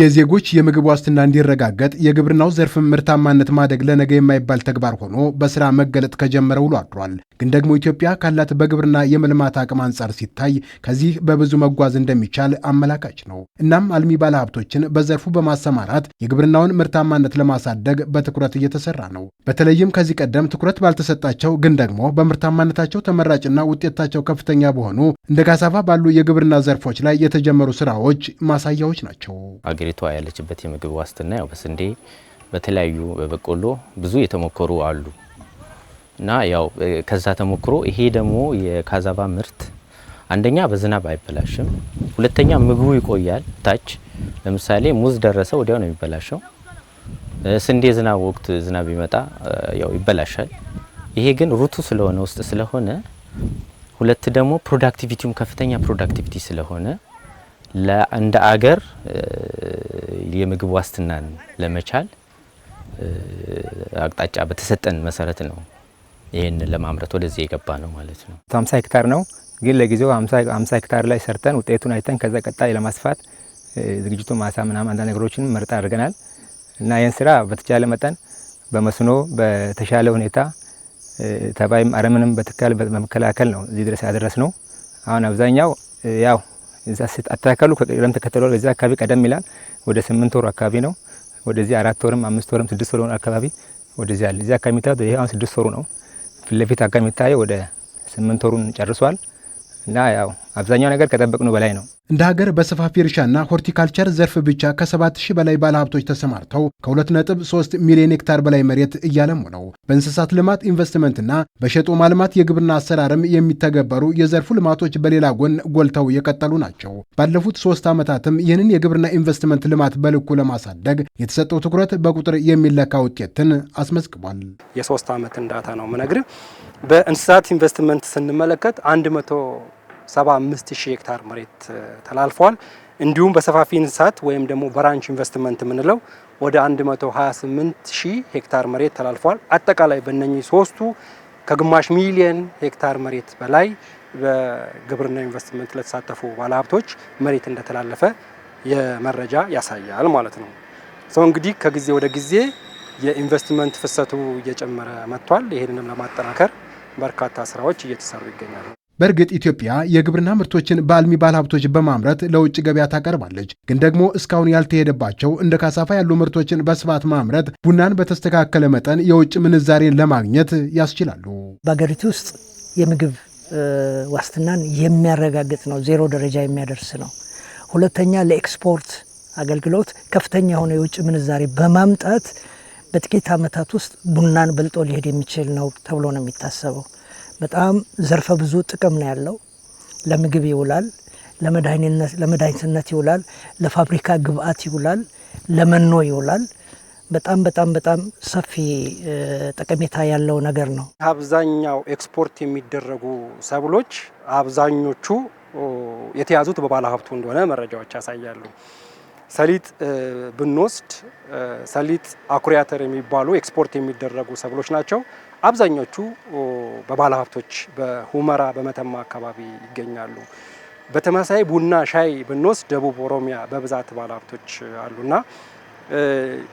የዜጎች የምግብ ዋስትና እንዲረጋገጥ የግብርናው ዘርፍ ምርታማነት ማደግ ለነገ የማይባል ተግባር ሆኖ በስራ መገለጥ ከጀመረ ውሎ አድሯል። ግን ደግሞ ኢትዮጵያ ካላት በግብርና የመልማት አቅም አንጻር ሲታይ ከዚህ በብዙ መጓዝ እንደሚቻል አመላካች ነው። እናም አልሚ ባለሀብቶችን በዘርፉ በማሰማራት የግብርናውን ምርታማነት ለማሳደግ በትኩረት እየተሰራ ነው። በተለይም ከዚህ ቀደም ትኩረት ባልተሰጣቸው ግን ደግሞ በምርታማነታቸው ተመራጭና ውጤታቸው ከፍተኛ በሆኑ እንደ ካሳቫ ባሉ የግብርና ዘርፎች ላይ የተጀመሩ ስራዎች ማሳያዎች ናቸው። አገሪቷ ያለችበት የምግብ ዋስትና ያው በስንዴ በተለያዩ በበቆሎ ብዙ የተሞከሩ አሉ እና ያው ከዛ ተሞክሮ ይሄ ደግሞ የካዛባ ምርት አንደኛ በዝናብ አይበላሽም፣ ሁለተኛ ምግቡ ይቆያል። ታች ለምሳሌ ሙዝ ደረሰ ወዲያው ነው የሚበላሸው። ስንዴ ዝናብ ወቅት ዝናብ ይመጣ ያው ይበላሻል። ይሄ ግን ሩቱ ስለሆነ ውስጥ ስለሆነ ሁለት ደግሞ ፕሮዳክቲቪቲውም ከፍተኛ ፕሮዳክቲቪቲ ስለሆነ እንደ አገር የምግብ ዋስትናን ለመቻል አቅጣጫ በተሰጠን መሰረት ነው ይህን ለማምረት ወደዚህ የገባ ነው ማለት ነው። ሀምሳ ሄክታር ነው ግን ለጊዜው ሀምሳ ሄክታር ላይ ሰርተን ውጤቱን አይተን ከዛ ቀጣይ ለማስፋት ዝግጅቱ ማሳ ምናምን አንዳንድ ነገሮችን ምርጥ አድርገናል እና ይህን ስራ በተቻለ መጠን በመስኖ በተሻለ ሁኔታ ተባይም አረምንም በትካል በመከላከል ነው እዚህ ድረስ ያደረስ ነው። አሁን አብዛኛው ያው እንስሳት አተካከሉ ከቅደም ተከተሉ በዛ አካባቢ ቀደም ይላል። ወደ ስምንት ወሩ አካባቢ ነው ወደዚህ አራት ወርም አምስት ወርም ስድስት ወር አካባቢ ወደዚህ አለ። እዚህ አካባቢ የሚታየው ይሄ አሁን ስድስት ወሩ ነው። ፊት ለፊት አካባቢ የሚታየው ወደ ስምንት ወሩን ጨርሷል። እና ያው አብዛኛው ነገር ከጠበቅነው በላይ ነው። እንደ ሀገር በሰፋፊ እርሻና ሆርቲካልቸር ዘርፍ ብቻ ከ7000 በላይ ባለሀብቶች ተሰማርተው ከ2.3 ሚሊዮን ሄክታር በላይ መሬት እያለሙ ነው። በእንስሳት ልማት ኢንቨስትመንትና በሸጦ ማልማት የግብርና አሰራርም የሚተገበሩ የዘርፉ ልማቶች በሌላ ጎን ጎልተው የቀጠሉ ናቸው። ባለፉት ሶስት ዓመታትም ይህንን የግብርና ኢንቨስትመንት ልማት በልኩ ለማሳደግ የተሰጠው ትኩረት በቁጥር የሚለካ ውጤትን አስመዝግቧል። የሶስት ዓመት እንዳታ ነው ምነግር። በእንስሳት ኢንቨስትመንት ስንመለከት አንድ መቶ 75 ሄክታር መሬት ተላልፏል። እንዲሁም በሰፋፊ እንስሳት ወይም ደግሞ በራንች ኢንቨስትመንት የምንለው ወደ 128000 ሺህ ሄክታር መሬት ተላልፏል። አጠቃላይ በእነኚህ ሶስቱ ከግማሽ ሚሊየን ሄክታር መሬት በላይ በግብርና ኢንቨስትመንት ለተሳተፉ ባለሀብቶች መሬት እንደተላለፈ የመረጃ ያሳያል ማለት ነው። ሰው እንግዲህ ከጊዜ ወደ ጊዜ የኢንቨስትመንት ፍሰቱ እየጨመረ መጥቷል። ይህንንም ለማጠናከር በርካታ ስራዎች እየተሰሩ ይገኛሉ። በእርግጥ ኢትዮጵያ የግብርና ምርቶችን በአልሚ ባለሀብቶች በማምረት ለውጭ ገበያ ታቀርባለች። ግን ደግሞ እስካሁን ያልተሄደባቸው እንደ ካሳፋ ያሉ ምርቶችን በስፋት ማምረት ቡናን በተስተካከለ መጠን የውጭ ምንዛሬን ለማግኘት ያስችላሉ። በሀገሪቱ ውስጥ የምግብ ዋስትናን የሚያረጋግጥ ነው፣ ዜሮ ደረጃ የሚያደርስ ነው። ሁለተኛ ለኤክስፖርት አገልግሎት ከፍተኛ የሆነ የውጭ ምንዛሬ በማምጣት በጥቂት ዓመታት ውስጥ ቡናን በልጦ ሊሄድ የሚችል ነው ተብሎ ነው የሚታሰበው። በጣም ዘርፈ ብዙ ጥቅም ነው ያለው። ለምግብ ይውላል፣ ለመድኃኒትነት ይውላል፣ ለፋብሪካ ግብአት ይውላል፣ ለመኖ ይውላል። በጣም በጣም በጣም ሰፊ ጠቀሜታ ያለው ነገር ነው። አብዛኛው ኤክስፖርት የሚደረጉ ሰብሎች አብዛኞቹ የተያዙት በባለ ሀብቱ እንደሆነ መረጃዎች ያሳያሉ። ሰሊጥ ብንወስድ ሰሊጥ፣ አኩሪ አተር የሚባሉ ኤክስፖርት የሚደረጉ ሰብሎች ናቸው። አብዛኞቹ በባለ ሀብቶች በሁመራ በመተማ አካባቢ ይገኛሉ። በተመሳሳይ ቡና፣ ሻይ ብንወስድ ደቡብ ኦሮሚያ በብዛት ባለ ሀብቶች አሉና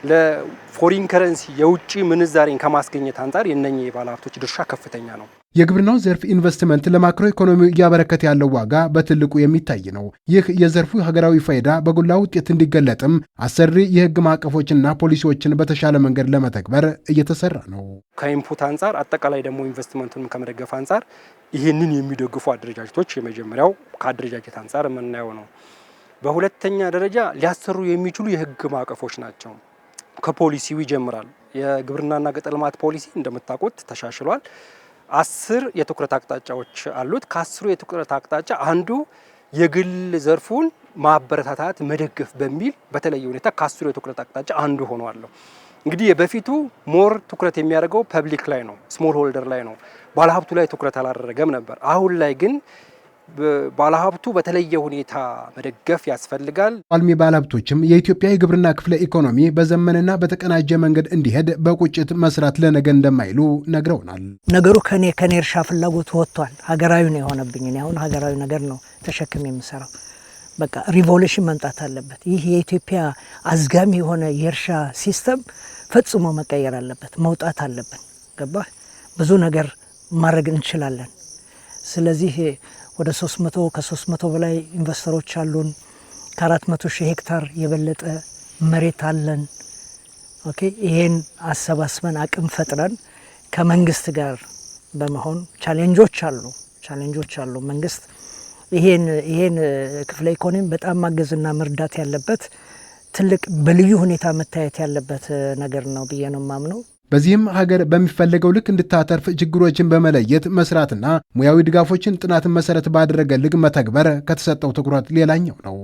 ለፎሪን ከረንሲ የውጭ ምንዛሬን ከማስገኘት አንጻር የእነኚህ የባለሀብቶች ድርሻ ከፍተኛ ነው። የግብርናው ዘርፍ ኢንቨስትመንት ለማክሮ ኢኮኖሚ እያበረከተ ያለው ዋጋ በትልቁ የሚታይ ነው። ይህ የዘርፉ ሀገራዊ ፋይዳ በጎላ ውጤት እንዲገለጥም አሰሪ የህግ ማዕቀፎችና ፖሊሲዎችን በተሻለ መንገድ ለመተግበር እየተሰራ ነው። ከኢንፑት አንጻር አጠቃላይ ደግሞ ኢንቨስትመንቱንም ከመደገፍ አንጻር ይህንን የሚደግፉ አደረጃጀቶች የመጀመሪያው ከአደረጃጀት አንጻር የምናየው ነው። በሁለተኛ ደረጃ ሊያሰሩ የሚችሉ የህግ ማዕቀፎች ናቸው። ከፖሊሲው ይጀምራል። የግብርናና ገጠር ልማት ፖሊሲ እንደምታውቁት ተሻሽሏል። አስር የትኩረት አቅጣጫዎች አሉት። ከአስሩ የትኩረት አቅጣጫ አንዱ የግል ዘርፉን ማበረታታት መደገፍ በሚል በተለየ ሁኔታ ከአስሩ የትኩረት አቅጣጫ አንዱ ሆኗለሁ። እንግዲህ የበፊቱ ሞር ትኩረት የሚያደርገው ፐብሊክ ላይ ነው፣ ስሞል ሆልደር ላይ ነው፣ ባለሀብቱ ላይ ትኩረት አላደረገም ነበር። አሁን ላይ ግን ባለሀብቱ በተለየ ሁኔታ መደገፍ ያስፈልጋል። አልሚ ባለሀብቶችም የኢትዮጵያ የግብርና ክፍለ ኢኮኖሚ በዘመንና በተቀናጀ መንገድ እንዲሄድ በቁጭት መስራት ለነገ እንደማይሉ ነግረውናል። ነገሩ ከኔ ከኔ እርሻ ፍላጎት ወጥቷል። ሀገራዊ ነው የሆነብኝ። እኔ አሁን ሀገራዊ ነገር ነው ተሸክም የምሰራው። በቃ ሪቮሉሽን መምጣት አለበት። ይህ የኢትዮጵያ አዝጋሚ የሆነ የእርሻ ሲስተም ፈጽሞ መቀየር አለበት፣ መውጣት አለብን። ገባ ብዙ ነገር ማድረግ እንችላለን። ስለዚህ ወደ 300 ከ300 በላይ ኢንቨስተሮች አሉን። ከ400 ሺህ ሄክታር የበለጠ መሬት አለን። ኦኬ ይሄን አሰባስበን አቅም ፈጥረን ከመንግስት ጋር በመሆን ቻሌንጆች አሉ ቻሌንጆች አሉ። መንግስት ይሄን ይሄን ክፍለ ኢኮኖሚ በጣም ማገዝና መርዳት ያለበት ትልቅ በልዩ ሁኔታ መታየት ያለበት ነገር ነው ብዬ ነው ማምነው። በዚህም ሀገር በሚፈለገው ልክ እንድታተርፍ ችግሮችን በመለየት መስራትና ሙያዊ ድጋፎችን ጥናትን መሰረት ባደረገ ልግ መተግበር ከተሰጠው ትኩረት ሌላኛው ነው።